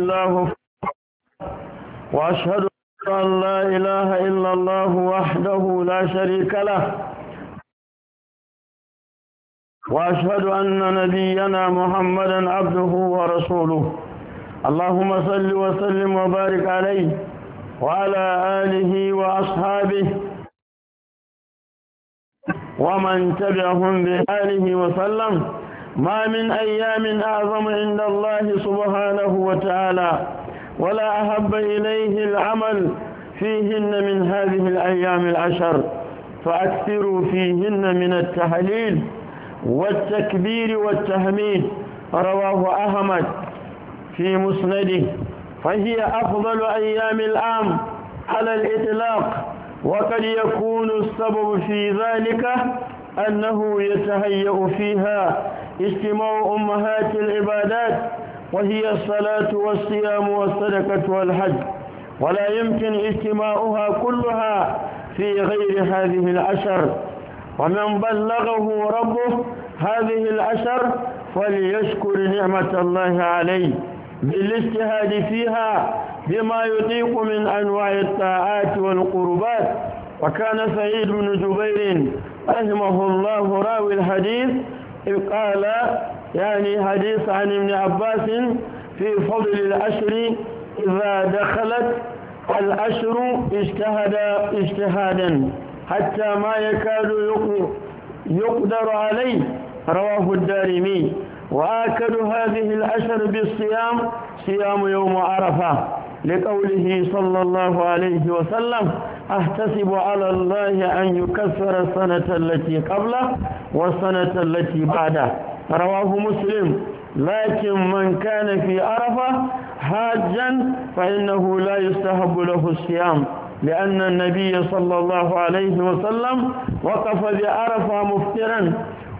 الله وأشهد أن لا إله إلا الله وحده لا شريك له وأشهد أن نبينا محمدا عبده ورسوله اللهم صل وسلم وبارك عليه وعلى آله وأصحابه ومن تبعهم بآله وسلم ما من أيام أعظم عند الله سبحانه وتعالى ولا أحب إليه العمل فيهن من هذه الأيام العشر فأكثروا فيهن من التهليل والتكبير والتهميد رواه أحمد في مسنده فهي أفضل أيام العام على الإطلاق وقد يكون السبب في ذلك أنه يتهيأ فيها اجتماع أمهات العبادات وهي الصلاة والصيام والصدقة والحج ولا يمكن اجتماعها كلها في غير هذه العشر ومن بلغه ربه هذه العشر فليشكر نعمة الله عليه بالاجتهاد فيها بما يطيق من أنواع الطاعات والقربات وكان سعيد بن جبير رحمه الله راوي الحديث إذ قال يعني حديث عن ابن عباس في فضل العشر إذا دخلت العشر اجتهد اجتهادا حتى ما يكاد يقدر عليه رواه الدارمي وآكد هذه العشر بالصيام صيام يوم عرفة لقوله صلى الله عليه وسلم أحتسب على الله أن يكسر السنة التي قبله والسنة التي بعده رواه مسلم لكن من كان في عرفة حاجا فإنه لا يستحب له الصيام لأن النبي صلى الله عليه وسلم وقف بعرفة مفترا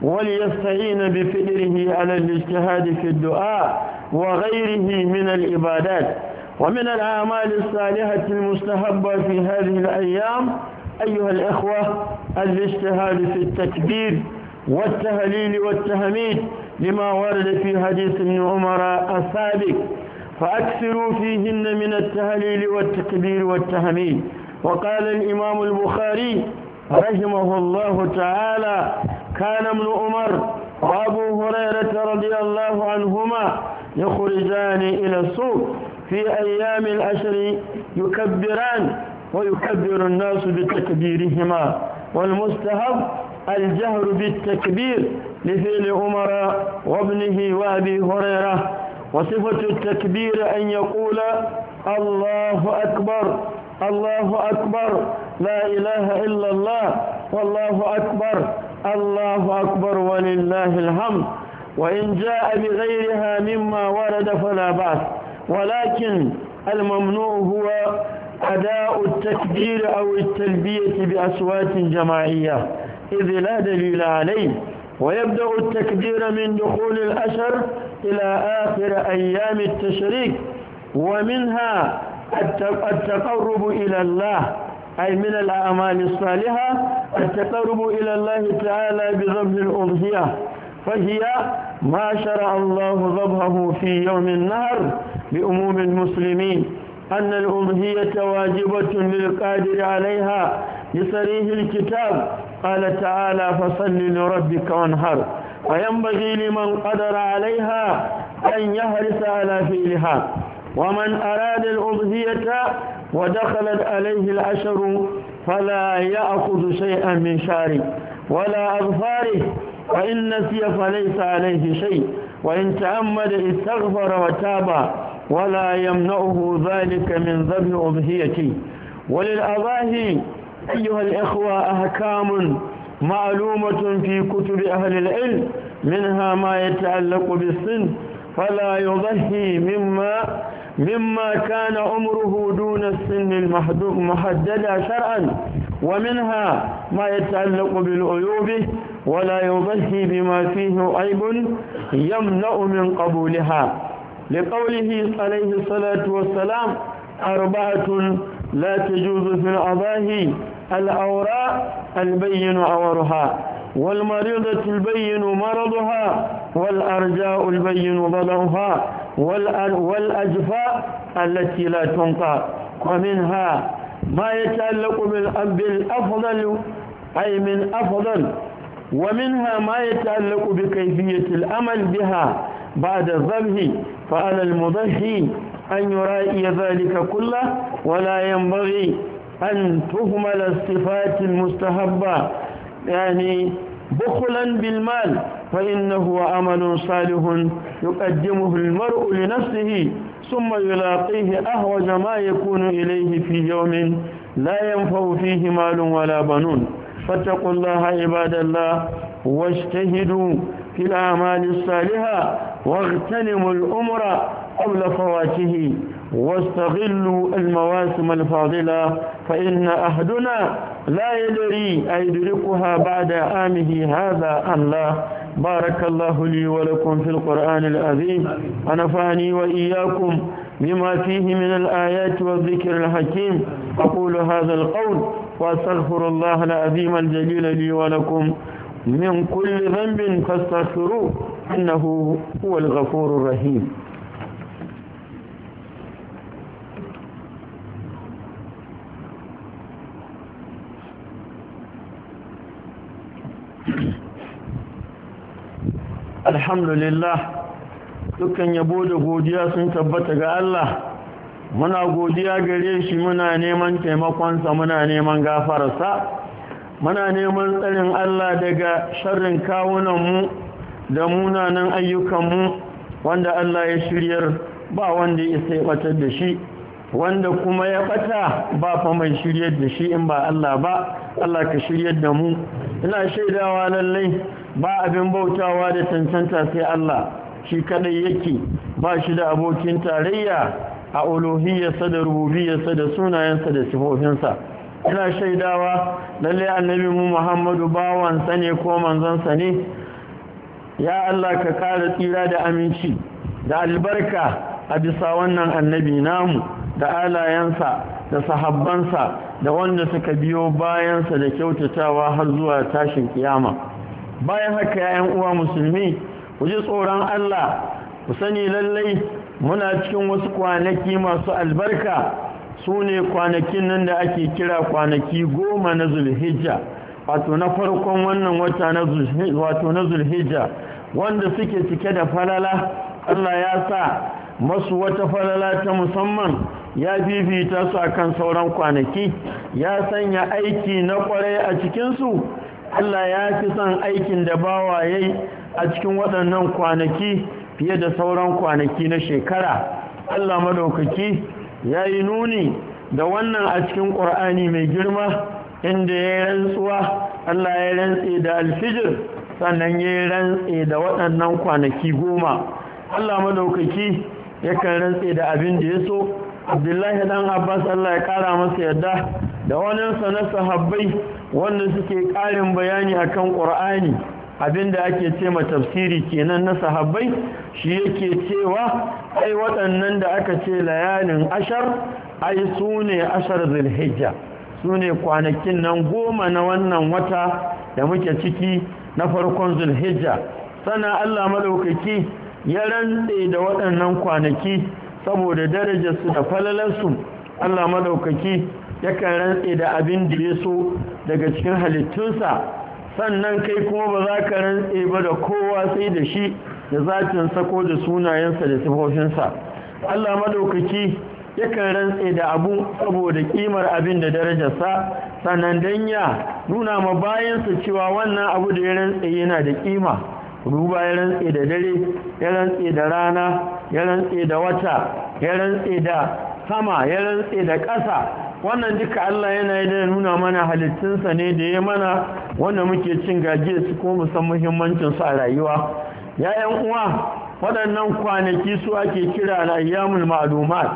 وليستعين بفدره على الاجتهاد في الدعاء وغيره من العبادات ومن الأعمال الصالحة المستحبة في هذه الأيام أيها الإخوة الاجتهاد في التكبير والتهليل والتهميد لما ورد في حديث ابن عمر السابق فأكثروا فيهن من التهليل والتكبير والتهميد وقال الإمام البخاري رحمه الله تعالى كان ابن عمر وأبو هريرة رضي الله عنهما يخرجان إلى السوق في أيام الأشر يكبران ويكبر الناس بتكبيرهما والمستحب الجهر بالتكبير لفعل عمر وابنه وابي هريره وصفه التكبير ان يقول الله اكبر الله اكبر لا اله الا الله والله اكبر الله اكبر ولله الحمد وان جاء بغيرها مما ورد فلا باس ولكن الممنوع هو أداء التكبير أو التلبية بأصوات جماعية إذ لا دليل عليه ويبدأ التكبير من دخول الأشر إلى آخر أيام التشريك ومنها التقرب إلى الله أي من الأعمال الصالحة التقرب إلى الله تعالى بضبط الأضحية فهي ما شرع الله ذبحه في يوم النهر لأموم المسلمين أن الأمهية واجبة للقادر عليها لصريح الكتاب قال تعالى فصل لربك وانهر وينبغي لمن قدر عليها أن يحرص على فعلها ومن أراد الأمهية ودخلت عليه العشر فلا يأخذ شيئا من شعره ولا أغفاره فإن نسي فليس عليه شيء وإن تعمد استغفر وتاب ولا يمنعه ذلك من ذبح أضحيته وللأضاحي أيها الإخوة أحكام معلومة في كتب أهل العلم منها ما يتعلق بالسن فلا يضحي مما مما كان عمره دون السن المحددة شرعا ومنها ما يتعلق بالعيوب ولا يضحي بما فيه عيب يمنع من قبولها لقوله عليه الصلاة والسلام أربعة لا تجوز في الأضاهي الأوراء البين عورها والمريضة البين مرضها والأرجاء البين ضلوها والأجفاء التي لا تنقى ومنها ما يتعلق بالأفضل أي من أفضل ومنها ما يتعلق بكيفية الأمل بها بعد الذبح فعلى المضحي أن يرائي ذلك كله ولا ينبغي أن تهمل الصفات المستحبة يعني بخلا بالمال فإنه عمل صالح يقدمه المرء لنفسه ثم يلاقيه أهوج ما يكون إليه في يوم لا ينفع فيه مال ولا بنون فاتقوا الله عباد الله واجتهدوا الأعمال الصالحة واغتنموا الأمر قبل فواته واستغلوا المواسم الفاضلة فإن أحدنا لا يدري أيدركها بعد عامه هذا أم لا بارك الله لي ولكم في القرآن العظيم ونفعني وإياكم بما فيه من الآيات والذكر الحكيم أقول هذا القول وأستغفر الله العظيم الجليل لي ولكم من كل ذنب فاستغفروه إنه هو الغفور الرحيم alhamdulillah dukkan yabo da godiya sun tabbata ga Allah muna godiya gare shi muna neman taimakonsa muna neman gafararsa muna neman tsarin Allah daga sharrin kawunan mu da munanan mu wanda Allah ya shiryar ba wanda ya sai batar da shi wanda kuma ya bata ba fa mai shiryar da shi in ba Allah ba Allah ka shiryar da mu ina shaidawa lallai ba abin bautawa da tantanta sai Allah shi kadai yake ba shi da abokin tarayya a uluhiyyarsa da rububiyyarsa da sunayensa da sifofinsa ina shaidawa lalle annabi mu Muhammadu bawansa sane ko manzon ne. ya Allah ka kara tsira da aminci da albarka a bisa wannan annabi namu da alayensa da sahabbansa da wanda suka biyo bayansa da kyautatawa har zuwa tashin kiyama bayan haka yayan uwa musulmi ku ji tsoron Allah ku sani lallai muna cikin wasu kwanaki masu albarka su ne kwanakin nan da ake kira kwanaki goma na zulhijja wato na farkon wannan wata na zulhijja wanda suke cike da falala Allah ya sa masu wata falala ta musamman ya bibita su akan sauran kwanaki ya sanya aiki na kwarai a cikinsu Allah ya fi son aikin da bawa yayi a cikin waɗannan kwanaki fiye da sauran kwanaki na shekara Allah madaukaki ya yi nuni da wannan a cikin ƙur'ani mai girma inda ya yi rantsuwa Allah ya rantse da alfijir sannan ya yi rantse da waɗannan kwanaki goma Allah madaukaki yakan rantse da abin da ya so abdullahi dan abbas Allah ya ƙara masa yadda da wani na sahabbai wanda suke ƙarin bayani a kan ƙur'ani abin da ake ce ma tafsiri kenan na sahabbai shi yake cewa ai waɗannan da aka ce layalin ashar ai sune ashar zulhijja Sune kwanakin nan goma na wannan wata da muke ciki na farkon zulhijja sana Allah maɗaukaki ya rantse da waɗannan kwanaki saboda darajarsu da falalarsu Allah maɗaukaki yakan rantse da abin da ya so daga cikin halittunsa sannan kai kuma ba za ka rantse ba da kowa sai da shi da zatin sako da sunayensa da sifofinsa Allah madaukaki yakan rantse da abu saboda kimar abin da darajarsa sannan dan ya nuna ma bayansa cewa wannan abu da ya rantse yana da kima ruba ya rantse da dare ya rantse da rana ya rantse da wata ya rantse da sama ya rantse da ƙasa wannan duka Allah yana yi da nuna mana halittunsa ne da ya mana wanda muke cin gajiya su kuma musan muhimmancinsu a rayuwa ‘ya'yan uwa waɗannan kwanaki su ake kira da ayyamul ma'lumat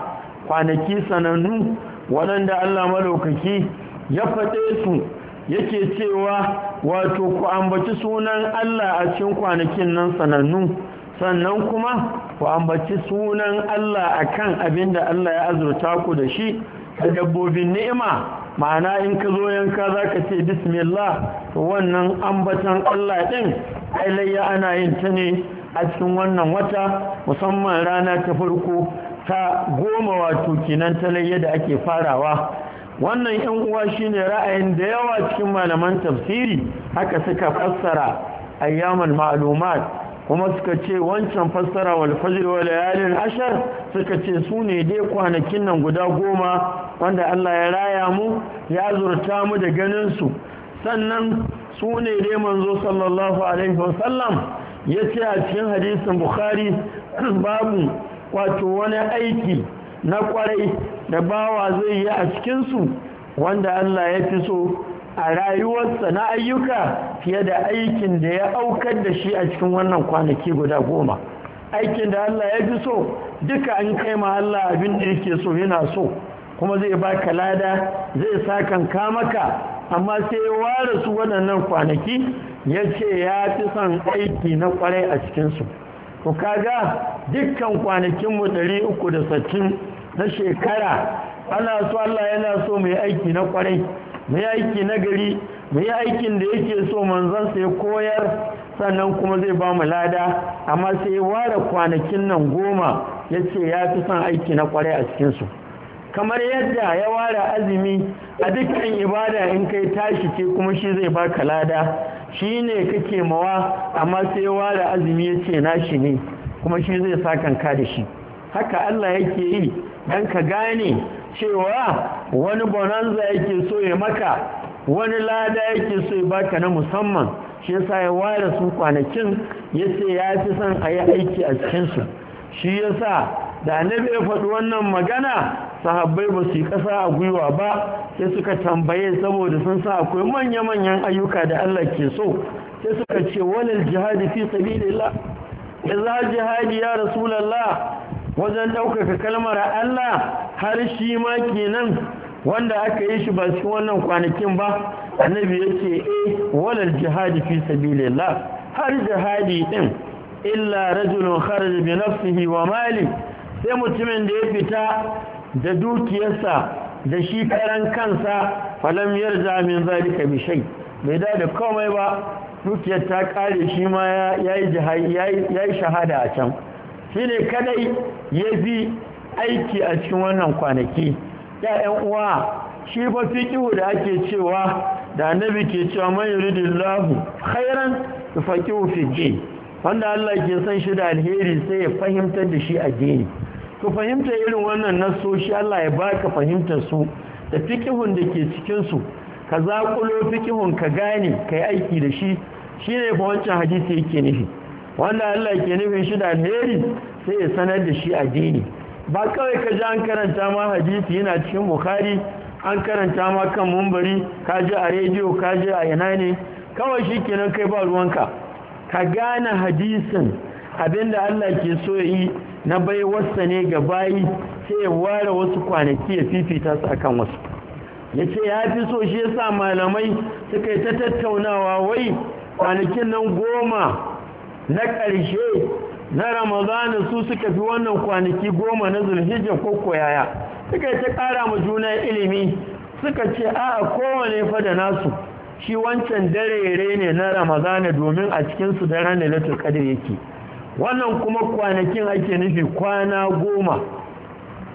kwanaki sanannu waɗanda Allah malaukaki ya faɗe su yake cewa wato ku ambaci sunan Allah a cikin kwanakin nan sanannu sannan kuma ku ambaci sunan Allah akan abin da Allah ya azurta ku da shi da dabbobin ni'ima ma'ana in ka zo yanka za ka ce bismillah wannan ambatan Allah ɗin ailayya ana yin ta ne a cikin wannan wata musamman rana ta farko ta goma wato kenan ta layya da ake farawa wannan yan uwa shine ra'ayin da yawa cikin malaman tafsiri haka suka fassara ayyamul ma'lumat kuma suka ce wancan fassara wal fajr wa layalin ashar suka ce su ne dai kwanakin nan guda goma wanda Allah ya raya mu ya zurta mu da ganin su sannan su ne dai manzo sallallahu alaihi wasallam ya ce a cikin hadisin bukhari babu wato wani aiki na kwarai da bawa zai yi a cikinsu wanda Allah ya fi so a rayuwarsa na ayyuka fiye da aikin da ya aukar da shi a cikin wannan kwanaki guda goma aikin da Allah ya fi so duka an kai ma Allah abin da yake so yana so kuma zai baka lada zai sakan maka amma sai ya ware su waɗannan kwanaki ya ce ya fi son aiki na kwarai a cikinsu ko kaga dukkan kwanakinmu 360 na shekara ana so Allah yana so mai aiki na kwarai mai aiki na gari mai aikin da yake so manzansa ya koyar sannan kuma zai ba mu lada amma sai ya ware kwanakin nan goma ya ce ya fi son aiki na kwarai a cikinsu kamar yadda ya ware azumi a dukkan ibada in kai tashi ce kuma shi zai baka lada shi ne kake mawa amma sai ware azumi ya ce nashi ne kuma shi zai sa kanka da shi haka Allah yake yi dan ka gane cewa wani bonanza yake so ya maka wani lada yake so ya baka na musamman shi yasa ya ware su kwanakin yace ya fi son a yi aiki a cikinsu shi yasa da annabi ya faɗi wannan magana sahabbai ba su yi ƙasa a gwiwa ba sai suka tambaye saboda sun sa akwai manya-manyan ayyuka da Allah ke so sai suka ce walal jihadi fi sabilillah idza za jihadi ya rasulullah wajen ɗaukaka kalmar Allah har shi ma kenan wanda aka yi shi ba cikin wannan kwanakin ba annabi ya ce eh walal jihadi fi sabilillah har jihadi din illa rajulun kharaja bi nafsihi wa mali sai mutumin da ya fita da dukiyarsa da shi karan kansa falam yarda min zalika bi shay bai da da komai ba dukiyar ta ƙare shi ma yayi yayi shahada a can shine kadai yazi aiki a cikin wannan kwanaki Ya'yan uwa shi fi kiwo da ake cewa da annabi ke cewa man yuridillahu khairan kiwo fi wanda Allah ke san shi da alheri sai ya fahimtar da shi a Ka fahimta irin wannan nasoshi Allah ya baka fahimtar su da fikihun da ke cikin su ka zaƙulo fikihun ka gane kai aiki da shi shine fa wancan hadisi yake nufi wanda Allah ke nufin shi da alheri sai ya sanar da shi addini ba kawai ka ji an karanta ma hadisi yana cikin bukhari an karanta ma kan mumbari ka ji a rediyo ka ji a yana ne kawai shi kenan kai ba ruwanka ka gane hadisin abinda Allah ke so ya yi na baiwarsa ne ga bayi sai ya ware wasu kwanaki ya fifita su a kan wasu ya ce ya fi so shi yasa malamai suka yi ta tattaunawa wai kwanakin nan goma na ƙarshe na ramazana su suka fi wannan kwanaki goma na zulhijja ko koyaya suka yi ta ƙara ma juna ilimi suka ce a kowane fada nasu shi wancan dare ne na ramazana domin a cikinsu da ranar latin ƙadar yake wannan kuma kwanakin ake nufi kwana goma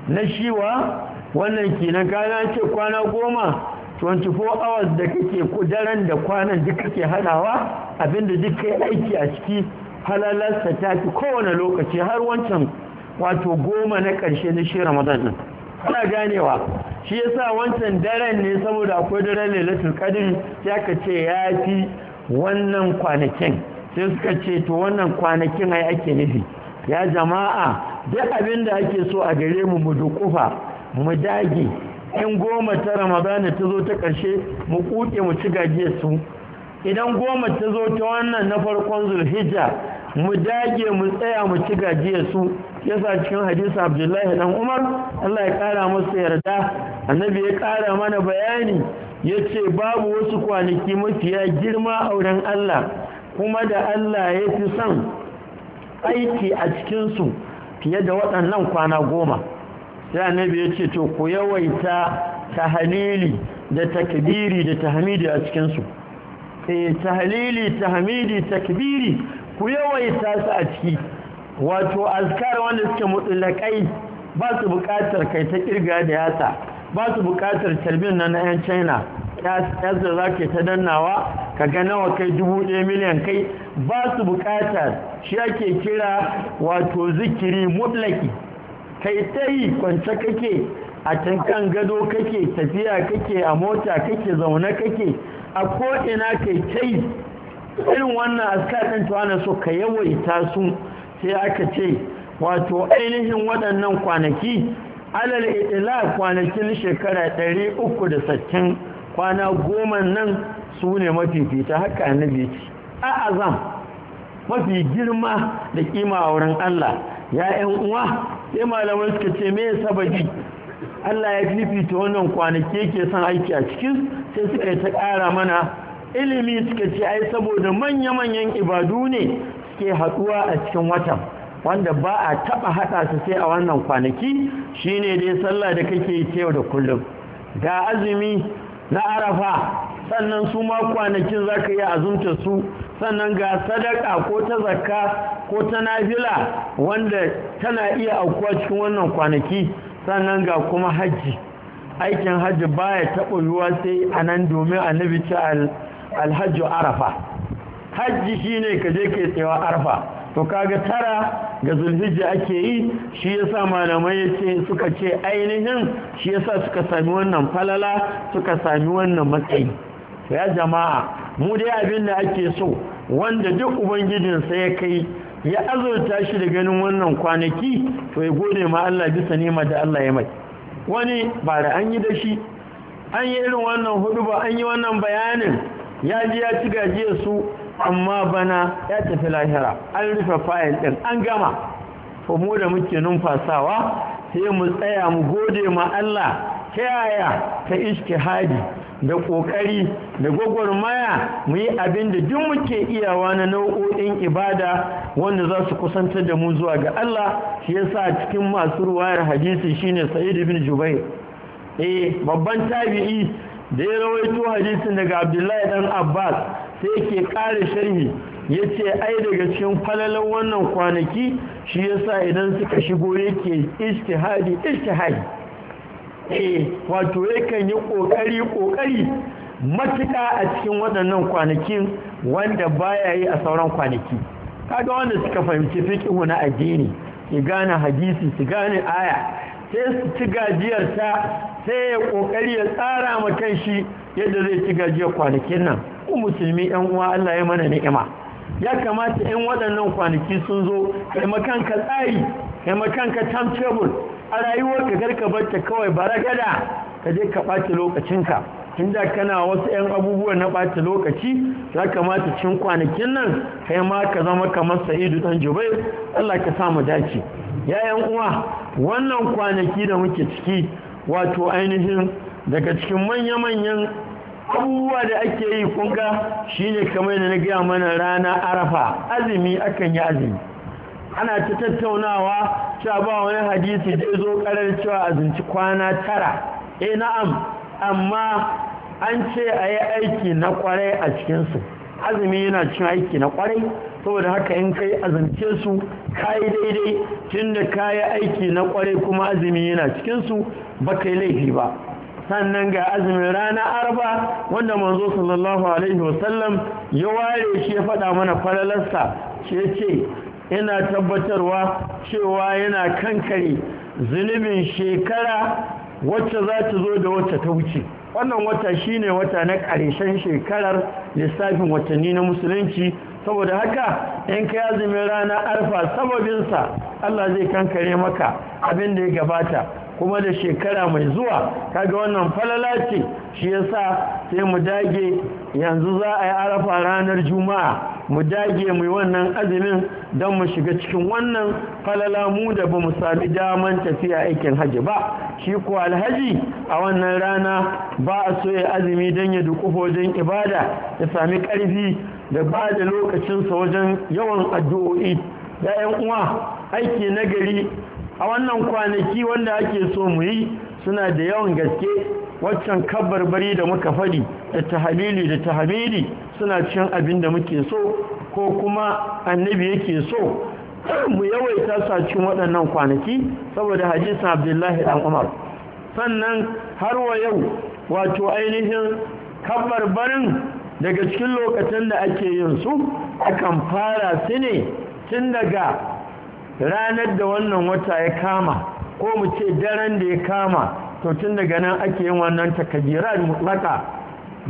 na shiwa wannan ke na gana ce kwana goma 24 hours da kake kudaren da kwanan duk kake hadawa abinda duk kai aiki a ciki halalarsa ta fi kowane lokaci har wancan wato goma na ƙarshe na shi ramadan din ana ganewa shi yasa wancan daren ne saboda akwai daren lailatul qadr ya ka ce ya fi wannan kwanakin sai suka ce to wannan kwanakin ai ake nufi ya jama'a duk abin da ake so a gare mu mu dukufa mu dage in goma ta ramadana ta zo ta ƙarshe mu kuke mu ci gaje su idan goma ta zo ta wannan na farkon zulhijja mu dage mu tsaya mu ci gajiya su yasa cikin hadisi abdullahi dan umar allah ya kara masa yarda annabi ya kara mana bayani yace babu wasu kwanaki mafiya girma auren allah kuma da Allah ya fi son aiki a cikinsu fiye da waɗannan kwana goma sai annabi ya ce to ku yawaita tahlili da takbiri da tahmidi a cikinsu eh tahlili tahmidi takbiri ku yawaita su a ciki wato azkar wanda suke mutulakai ba su buƙatar kai ta kirga da yatsa ba su buƙatar talbin na na 'yan china yadda da za ka ta dannawa ka ga nawa kai dubu ɗaya miliyan kai ba su buƙatar shi ake kira wato zikiri mutlaki kai ta yi kwance kake a tankan gado kake tafiya kake a mota kake zaune kake a ko'ina kai ta yi irin wannan askar ɗin so ka yawaita su sai aka ce wato ainihin waɗannan kwanaki alal itila kwanakin shekara 360 kwana goma nan su ne fita haka annabi ce a azam mafi girma da kima a wurin Allah ya ‘yan uwa sai malamai suka ce me sababi Allah ya fifita wannan kwanaki yake son aiki a cikin sai suka yi ta ƙara mana ilimi suka ce ai saboda manya-manyan ibadu ne suke haɗuwa a cikin watan wanda ba a taɓa haɗa su sai a wannan kwanaki shine dai sallah da kake yi yau da kullum ga azumi na arafa sannan su ma kwanakin za ka yi azumta su sannan ga sadaka ko ta zakka ko ta nafila wanda tana iya aukuwa cikin wannan kwanaki sannan ga kuma hajji aikin hajji baya taɓa yiwuwa sai a nan domin annabi ta alhajju arafa hajji shine ka je ke tsewa arafa to kaga tara ga zulhijja ake yi shi yasa malamai yace suka ce ainihin shi yasa suka sami wannan falala suka sami wannan matsayi to ya jama'a mu dai abin da ake so wanda duk ubangijinsa ya kai ya azurta shi da ganin wannan kwanaki to ya gode ma Allah bisa nema da Allah ya mai wani ba da an yi da shi an yi irin wannan hudu ba an yi wannan bayanin ya ji ya ci gajiyar su amma bana ya tafi lahira an rufe fayil ɗin an gama mu da muke numfasawa sai mu tsaya mu gode ma Allah ta yaya ta hadi da ƙoƙari da gwagwarmaya mu yi abin da duk muke iyawa na nau'o'in ibada wanda za su kusantar da mu zuwa ga Allah shi yasa cikin masu ruwayar hadisi shine Sa'id bin Jubair eh babban tabi'i da ya rawaito hadisin daga abdullahi dan abbas sai ke ƙara sharhi ya ce ai daga cikin falalan wannan kwanaki shi yasa idan suka shigo yake istihadi istihadi eh wato yakan yi ƙoƙari ƙoƙari matuƙa a cikin waɗannan kwanakin wanda baya yi a sauran kwanaki kaga wanda suka fahimci fikihu na addini su gane hadisi su gane aya sai su ci gajiyarta sai ya ƙoƙari ya tsara ma kan shi yadda zai ci gajiyar kwanakin nan ku musulmi yan uwa Allah ya mana ni'ima ya kamata in waɗannan kwanaki sun zo kai makanka tsari kai makanka timetable a rayuwarka ka bar ta kawai baragada ka je ka ɓata lokacinka inda kana wasu 'yan abubuwa na ɓata lokaci ya kamata cin kwanakin nan kai ma ka zama kamar sa'idu dan jubair Allah ka sa mu dace ya yan uwa wannan kwanaki da muke ciki wato ainihin daga cikin manya-manyan abubuwa da ake yi kunga ne kamar da na gaya mana rana arafa azumi akan yi azumi ana ta tattaunawa cewa ba wani hadisi da zo karar cewa azumci kwana tara eh na'am amma an ce a yi aiki na kwarai a cikinsu azumi yana cin aiki na kwarai saboda haka in kai azumce su kai daidai tunda kayi aiki na kwarai kuma azumi yana cikin su ba yi laifi ba sannan ga azumin rana arba wanda manzo sallallahu alaihi wasallam ya ware shi ya faɗa mana falalarsa shi ya ce ina tabbatarwa cewa yana kankare zunubin shekara wacce za ta zo da wacce ta wuce wannan wata shine wata na ƙarshen shekarar lissafin watanni na musulunci saboda haka in ka mai rana arfa sababinsa Allah zai kankare maka abin da ya gabata kuma da shekara mai zuwa kaga wannan falala ce shi yasa sai mu dage yanzu za a yi arfa ranar juma'a mu dage mu yi wannan azumin don mu shiga cikin wannan falala mu da ba mu sami daman tafiya aikin haji ba shi ko alhaji a wannan rana ba a so ya azumi don ya dukufa wajen ibada ya sami karfi da ba da lokacinsa wajen yawan addu'o'i da 'yan uwa aiki nagari a wannan kwanaki wanda ake so mu yi suna da yawan gaske waccan kabarbari da muka faɗi da tahalili da tahamili suna cin abin da muke so ko kuma annabi yake so mu yawaita sa cin waɗannan kwanaki saboda hadisin abdullahi dan umar sannan har wa yau wato ainihin kabarbarin daga cikin lokacin da ake yin su akan fara su ne tun daga ranar da wannan wata ya kama ko mu ce daren da ya kama to tun daga nan ake yin wannan takabirat mutlaka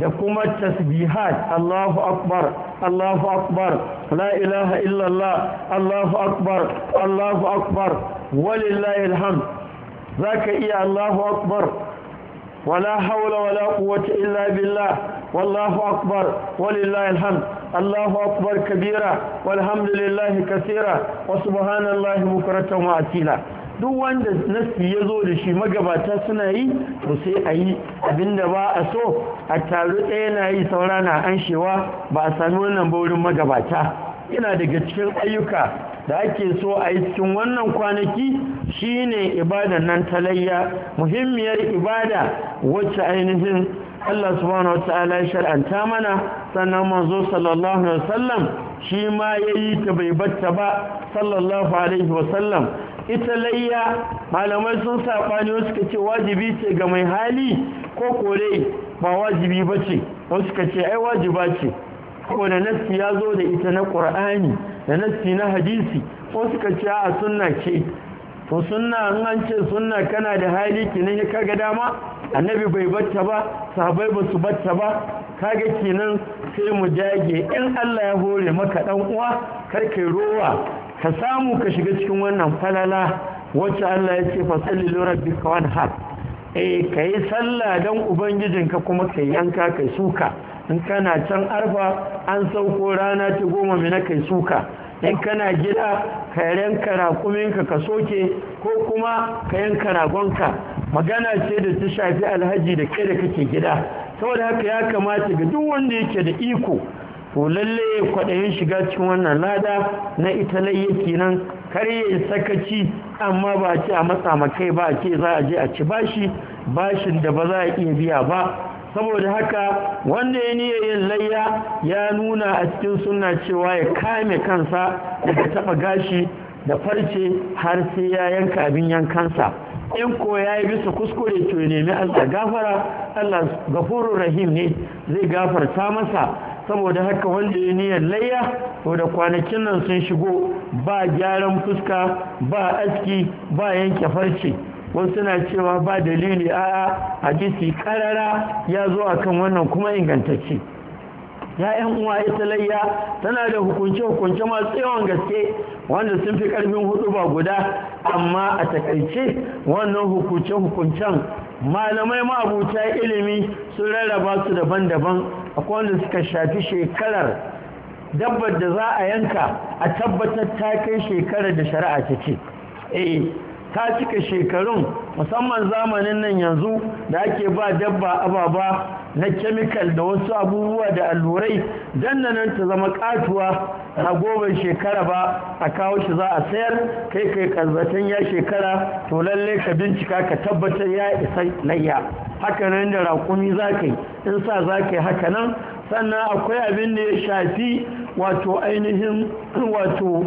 da kuma tasbihat Allahu akbar Allahu akbar la ilaha illallah Allahu akbar Allahu akbar walillahi alhamd zaka iya Allahu akbar wala haula wala quwwata illa billah wallahu akbar walillahi alhamd Allahu akbar kabira walhamdulillahi kaseera wa subhanallahi bukratan wa asila duk wanda nasi ya zo da shi magabata suna yi to sai a yi abinda ba a so a taru ɗaya na yi saura na anshewa ba a sami wannan baurin magabata yana daga cikin ayyuka da ake so a yi cikin wannan kwanaki shine ibada nan talayya muhimmiyar ibada wacce ainihin Allah subhanahu wata'ala ya shar'anta mana sannan manzo sallallahu alaihi wasallam shi ma yayi ta bai batta ba sallallahu alaihi wasallam ita layya malamai sun saɓani wasu ka ce wajibi ce ga mai hali ko kore ba wajibi ba ce wasu ka ce ai wajiba ce Ko na nassi ya zo da ita na ƙur'ani da nassi na hadisi wasu ka ce a sunna ce to sunna an ce sunna kana da hali kinan ka ga dama annabi bai batta ba sahabai ba su batta ba kaga kenan sai mu dage in Allah ya hore maka dan uwa kar kai rowa ka samu ka shiga cikin wannan falala wacce Allah ya ce fasalli lura bi wani har eh ka yi sallah don ka kuma ka yanka kai suka in kana can arfa an sauko rana ta goma mina kai suka in kana gida ka yanka rakuminka ka soke ko kuma ka yanka ragonka magana ce da ta shafi alhaji da ke da kake gida saboda haka ya kamata ga duk wanda yake da iko ko lalle kwaɗayin shiga cikin wannan lada na italiya kenan kar karye sakaci amma ba ce a matsa makai ba ce za a je a ci bashi bashin da ba za a iya biya ba saboda haka wanda ya niyyar yin layya ya nuna a cikin sunna cewa ya kame kansa daga taɓa gashi da farce har sai ya yanka abin yankansa in ko ya yi bisa kuskure to ya nemi allah gafara allah gafurur rahim ne zai gafarta masa saboda haka wanda ya niyyar layya to da kwanakin nan sun shigo ba gyaran fuska ba aski ba yanke farce wasu na cewa ba dalili a'a hadisi karara ya zo akan wannan kuma ingantacce ya yan uwa ita layya tana da hukunce hukunce masu yawan gaske wanda sun fi karfin hudu ba guda amma a takaice wannan hukunce hukuncen malamai ma'abuta ilimi sun rarraba su daban-daban akwai wanda suka shafi shekarar dabbar da za a yanka a tabbatar ta kai shekarar da shari'a ta ce eh, ta cika shekarun musamman zamanin nan yanzu da ake ba dabba ababa na kemikal da wasu abubuwa da allurai nan ta zama katuwa a goban shekara ba a kawo shi za a sayar kai kai karzatan ya shekara to lalle ka bincika ka tabbatar ya isa layya haka nan da raƙumi za ka yi in sa za ka yi haka nan sannan akwai abin da ya shafi wato ainihin wato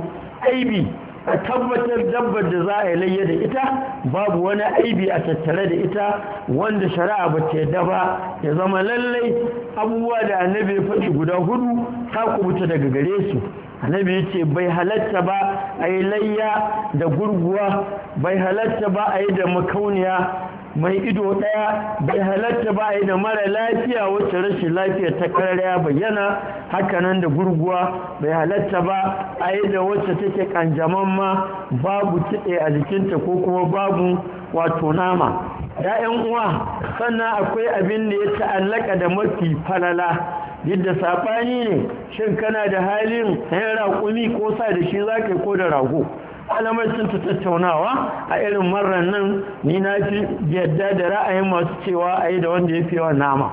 aibi a tabbatar dabbar da za a yi layya da ita babu wani aibi a tattare da ita wanda shari'a ba ta yadda ba ya zama lallai abubuwa da annabi ya faɗi guda hudu ta kubuta daga gare su annabi ya ce bai halatta ba a yi layya da gurguwa bai halatta ba a yi da makauniya mai ido ɗaya bai halatta ba yi da mara lafiya wacce rashin lafiya ta karya bayyana hakanan da gurguwa bai halatta ba a yi da wacce take kanjaman ma babu kitse a jikinta ko kuma babu wato nama ‘ya'yan uwa sannan akwai abin da ya ta'allaka da mafi falala yadda saɓani ne shin kana da halin sayan raƙumi ko sa da shi za ko da rago malamai sun ta tattaunawa a irin marar nan ni na fi yadda da ra'ayin masu cewa a yi da wanda ya fi yawan nama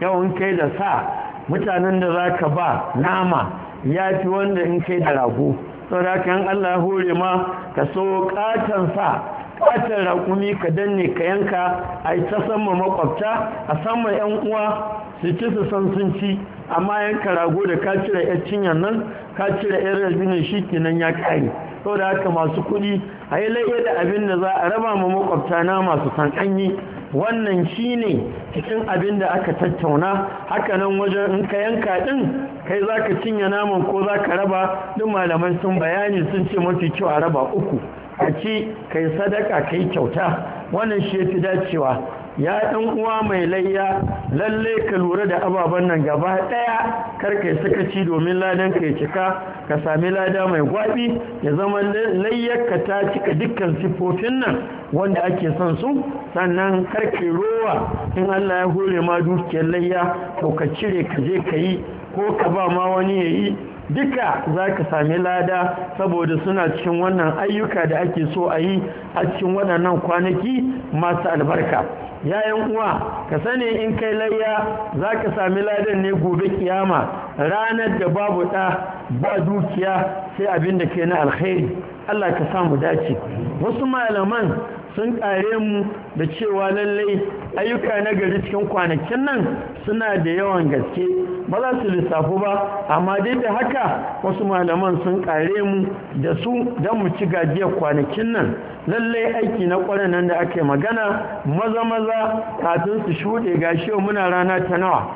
yawan kai da sa mutanen da za ka ba nama ya fi wanda in kai da rago Sau da kan Allah hore ma ka so katon sa katon raƙumi ka danne ka yanka a yi ta sama makwabta a sama 'yan uwa su ci su san sun ci amma yanka rago da ka cire yar cinyar nan ka cire yar rabinin shi kenan ya kare saboda haka masu kuɗi a yi laye da abin da za a raba ma makwabta na masu san wannan shi ne cikin abin da aka tattauna haka nan wajen in ka yanka din kai za ka cinye naman ko za ka raba duk malamai sun bayani sun ce mafi kyau a raba uku a ci kai sadaka kai kyauta wannan shi ya fi dacewa ya ɗan uwa mai layya lalle ka lura da ababen nan gaba ɗaya karka yi ci domin ladan ka ya cika ka sami lada mai gwabi ya zama ka ta cika dukkan siffofin nan wanda ake son su sannan karka rowa in Allah ya hore ma dukiyar layya to ka cire ka je ka yi ko ka ba ma wani ya yi duka za ka sami lada saboda suna cikin wannan ayyuka da ake so a yi a cikin waɗannan kwanaki masu albarka ya uwa ka sani in kai layya za ka sami ladan ne gobe kiyama ranar da babu ɗa ba dukiya sai abin da ke na alkhairi Allah ka samu dace wasu malaman sun kare mu da cewa lallai ayyuka na gari cikin kwanakin nan suna da yawan gaske ba za su lissafu ba amma dai da haka wasu malaman sun ƙare mu da su don mu ci gajiyar kwanakin nan lallai aiki na kwanan nan da ake magana maza maza kafin su shuɗe gashi muna rana ta nawa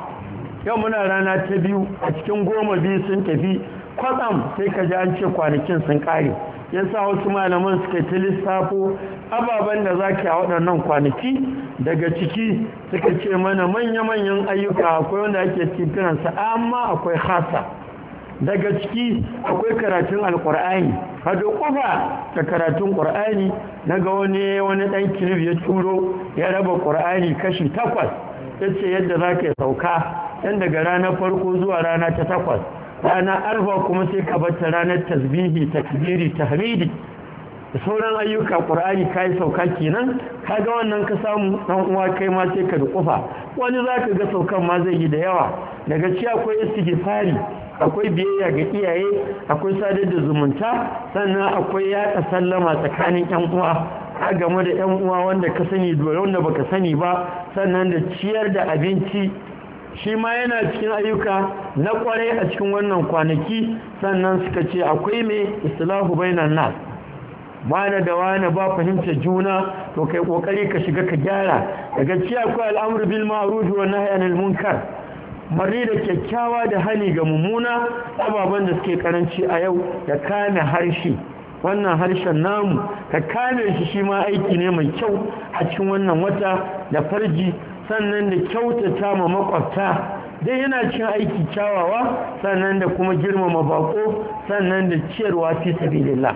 yau muna rana ta biyu a cikin goma biyu sun tafi kwatsam sai ka ji an ce kwanakin sun ƙare. ya sa wasu malaman suka ci lissafo ababen da za ki a waɗannan kwanaki daga ciki suka ce mana manya-manyan ayyuka akwai wanda ake titinansa amma akwai hasa daga ciki akwai karatun alkur'ani hado kufa da karatun ƙur'ani na ga wani wani ɗan kirif ya turo ya raba ƙur'ani kashi takwas ya ce yadda za ka sauka yan daga ranar farko zuwa rana ta takwas rana arba kuma sai ka bata ranar tasbihi takbiri tahmidi da sauran ayyuka ƙur'ani kayi sauka kenan kaga wannan ka samu ɗan uwa kai ma sai ka duƙufa wani zaka ga saukan ma zai yi da yawa daga ci akwai istighfari akwai biyayya ga iyaye akwai sadar da zumunta sannan akwai yaɗa sallama tsakanin ƴan uwa a game da ƴan uwa wanda ka sani da wanda baka sani ba sannan da ciyar da abinci shi ma yana cikin ayyuka na kwarai a cikin wannan kwanaki sannan suka ce akwai mai islahu bainan nas wane da wane ba fahimtar juna to kai kokari ka shiga ka gyara daga ci akwai al'amru bil ma'ruf wa nahy anil munkar mari da kyakkyawa da hani ga mummuna ababen da suke karanci a yau da kame harshe wannan harshen namu ka kame shi shi ma aiki ne mai kyau a cikin wannan wata da farji sannan da kyautata ma makwabta dai yana cin aiki kyawawa sannan da kuma girmama bako sannan da ciyarwa fi sabilillah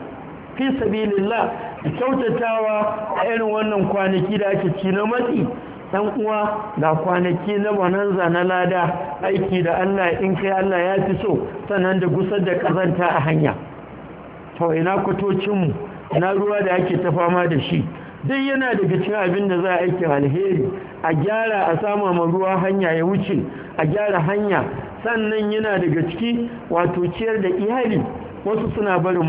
fi sabilillah da kyautatawa a irin wannan kwanaki da ake ci na matsi dan uwa da kwanaki na bananza na lada aiki da Allah in kai Allah ya fi so sannan da gusar da kazanta a hanya to ina kwatocinmu na ruwa da ake ta fama da shi duk yana daga cin abin da za a aiki alheri a gyara a sama ma ruwa hanya ya wuce a gyara hanya sannan yana daga ciki wato ciyar da iyali wasu suna barin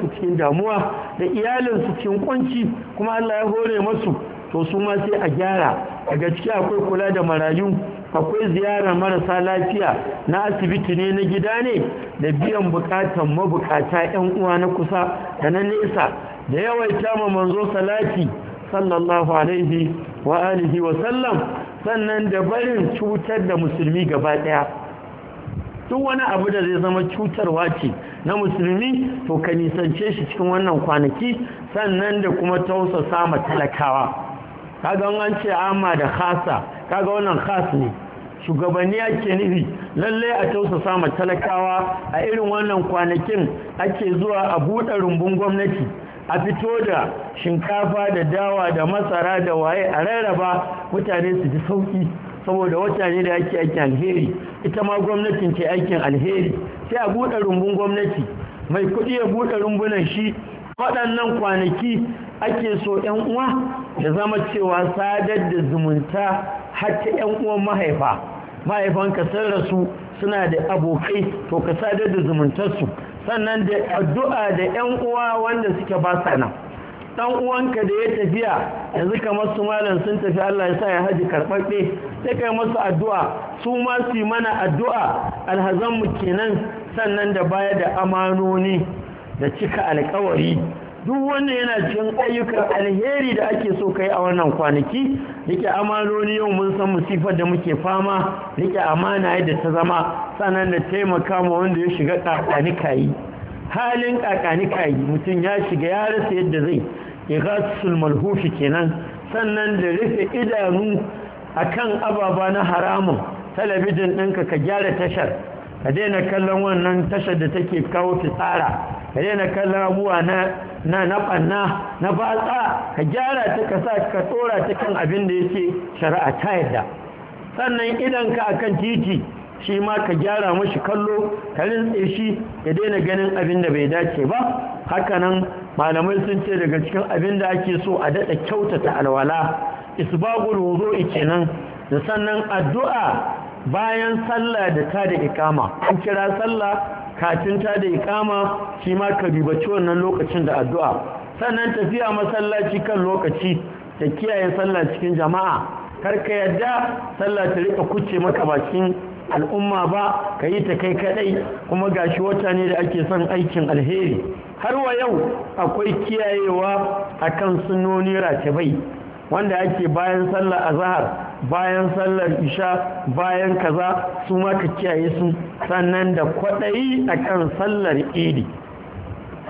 su cikin damuwa da su cikin kwanci kuma Allah ya hore masu to su ma sai a gyara daga ciki akwai kula da marayu akwai ziyarar marasa lafiya na asibiti ne na gida ne da biyan bukatan mabukata 'yan uwa na kusa da na nesa da yawaita ma manzo salati sallallahu alaihi wa alihi wa sallam sannan da barin cutar da musulmi gaba daya duk wani abu da zai zama cutarwa ce na musulmi to ka nisance shi cikin wannan kwanaki sannan da kuma tausasa ma talakawa kaga an ce amma da khasa kaga wannan khas ne shugabanni ake nufi lalle a tausasa ma talakawa a irin wannan kwanakin ake zuwa a buɗe rumbun gwamnati a fito da shinkafa da dawa da masara da waye a rarraba mutane su ji sauki saboda watane da ake aikin alheri ita ma gwamnatin ce aikin alheri sai a buɗe rumbun gwamnati mai kuɗi ya buɗe rumbunan shi waɗannan kwanaki ake so ‘yan uwa ya zama cewa sadar da zumunta ta ‘yan uwan mahaifa mahaifanka sun rasu suna da abokai to ka sadar da zumuntarsu sannan da addu'a da ‘yan uwa wanda suke ba nan ɗan uwanka da ya tafiya yanzu kamar su malam sun tafi Allah ya sa ya haji karɓaɓɓe sai kai masu addu'a su ma su yi mana addu'a alhazanmu kenan sannan da baya da amanoni da cika alkawari duk wannan yana cikin ayyukan alheri da ake so kai a wannan kwanaki rike amanoni yau mun san musifar da muke fama rike amana yadda ta zama sannan da taimaka ma wanda ya shiga kakani kayi halin kakani kayi mutum ya shiga ya rasa yadda zai igasul malhufi kenan sannan da rufe idanu a kan ababa na haramun talabijin ɗinka ka gyara tashar ka daina kallon wannan tashar da take kawo fitsara ka daina kallon abuwa na na na banna na batsa ka gyara ta ka sa ka tsora ta kan abin da yake shari'a ta yadda sannan idan ka akan titi shi ma ka gyara mashi kallo ka rintse shi ka daina ganin abin da bai dace ba hakanan malamai sun ce daga cikin abin da ake so a daɗa kyautata alwala isbagul wudu'i kenan da sannan addu'a bayan sallah da ta da ikama an kira sallah kafin ta da ikama shi ma ka bibaci wannan lokacin da addu'a sannan tafiya masallaci kan lokaci da kiyaye sallah cikin jama'a kar ka yadda sallah ta rika kuce maka bakin al'umma ba ka yi ta kai kadai kuma gashi wata ne da ake son aikin alheri har wa yau akwai kiyayewa akan sunnoni ratibai wanda ake bayan sallah a zahar. bayan sallar isha bayan kaza su ma ka kiyaye su sannan da kwaɗayi akan sallar idi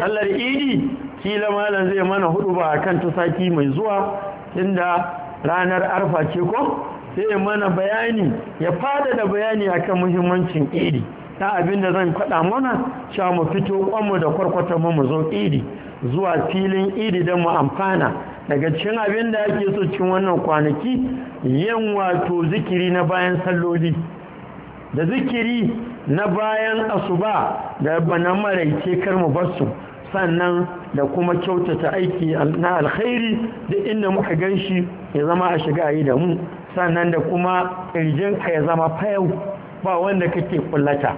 sallar idi kila malam zai mana hudu ba a kan tusaki mai zuwa inda ranar arfa ce ko sai mana bayani ya fada da bayani akan muhimmancin idi ta da zan faɗa mana sha mu fito kwanmu da kwarkwata mu mu zo idi zuwa filin idi don mu amfana daga cikin abin da ake so cin wannan kwanaki yin wato zikiri na bayan salloli da zikiri na bayan asuba da bana maraice kar mu basu sannan da kuma kyautata aiki na alkhairi da inda muka gan shi ya zama a shiga yi da mu sannan da kuma ƙirjinka ya zama fayau ba wanda kake kullata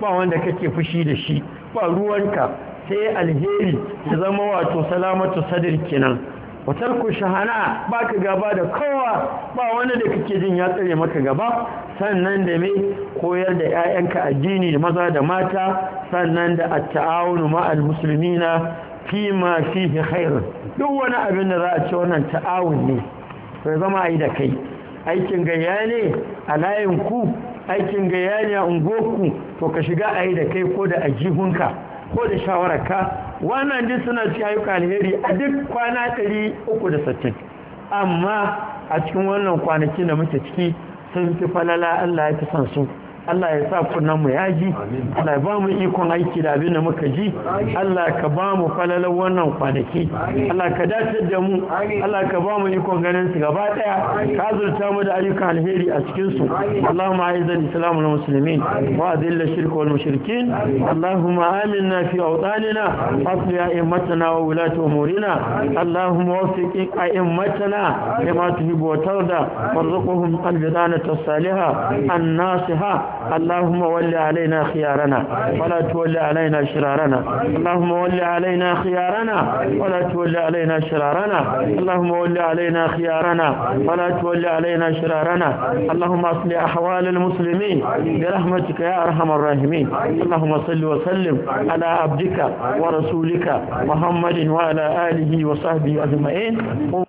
ba wanda kake fushi da shi ba ruwanka sai alheri ya zama wato salamatu sadir kenan wa ku shahana ba ka gaba da kowa ba wani da kake jin ya tsare maka gaba sannan da mai koyar da 'ya'yanka addini da maza da mata sannan da a ta'aunu ma'al na fi ma fi hairu duk wani abin da za a ci wannan ta'awun ne sai zama a yi da kai aikin gaya ne a layinku, aikin gaya ne a unguwarku, to ka shiga a yi da kai ko da a ajihunka ko da shawararka wannan duk suna cikin ayyuka alheri a duk kwana uku da 360 amma a cikin wannan kwanaki da muke ciki sun fi falala Allah ya fi son su Allah ya sa kunan mu ji. Allah ya ba mu ikon aiki da abin da muka ji Allah ka ba mu falalar wannan kwanaki Allah ka dace da mu Allah ka ba mu ikon ganin su gaba ɗaya ka azurta mu da ayyukan alheri a cikin su Allahumma aizal na wal muslimin wa azil shirk wal mushrikin Allahumma aminna fi awtanina asli a'immatana wa ulati murina. Allahumma waffiq a'immatana lima tuhibbu wa tarda warzuqhum al-bidanata as an-nasiha اللهم ول علينا خيارنا ولا تول علينا شرارنا اللهم ول علينا خيارنا ولا تول علينا شرارنا اللهم ول علينا خيارنا ولا تول علينا شرارنا اللهم اصلح احوال المسلمين برحمتك يا ارحم الراحمين اللهم صل وسلم على عبدك ورسولك محمد وعلى اله وصحبه اجمعين